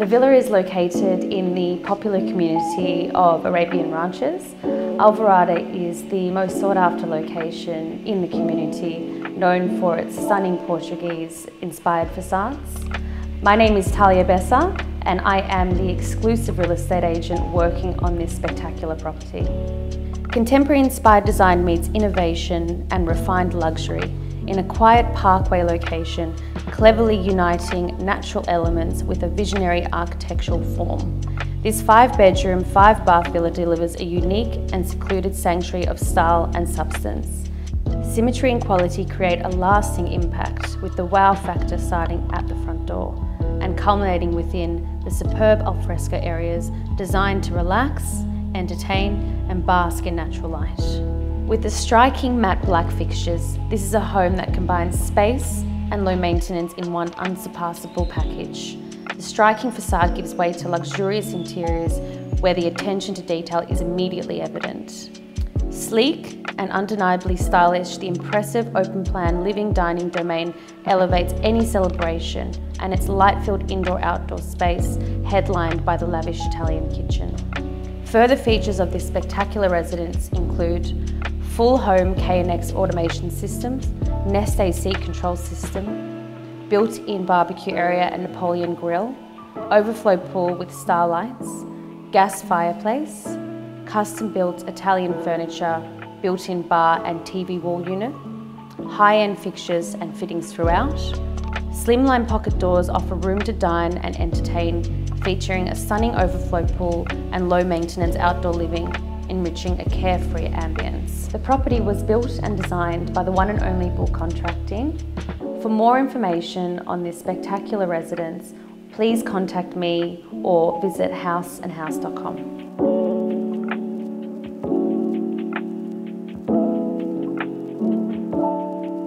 The villa is located in the popular community of Arabian Ranches. Alvarada is the most sought after location in the community, known for its stunning Portuguese inspired facades. My name is Talia Bessa and I am the exclusive real estate agent working on this spectacular property. Contemporary inspired design meets innovation and refined luxury in a quiet parkway location cleverly uniting natural elements with a visionary architectural form. This five bedroom, five bath villa delivers a unique and secluded sanctuary of style and substance. Symmetry and quality create a lasting impact with the wow factor starting at the front door and culminating within the superb alfresco areas designed to relax, entertain and bask in natural light. With the striking matte black fixtures, this is a home that combines space, and low maintenance in one unsurpassable package. The striking facade gives way to luxurious interiors where the attention to detail is immediately evident. Sleek and undeniably stylish, the impressive open plan living dining domain elevates any celebration and its light-filled indoor-outdoor space headlined by the lavish Italian kitchen. Further features of this spectacular residence include full home KNX automation systems, Nest AC control system, built-in barbecue area and Napoleon grill, overflow pool with starlights, gas fireplace, custom-built Italian furniture, built-in bar and TV wall unit, high-end fixtures and fittings throughout. Slimline pocket doors offer room to dine and entertain, featuring a stunning overflow pool and low-maintenance outdoor living enriching a carefree ambience. The property was built and designed by the one and only Bull Contracting. For more information on this spectacular residence, please contact me or visit houseandhouse.com.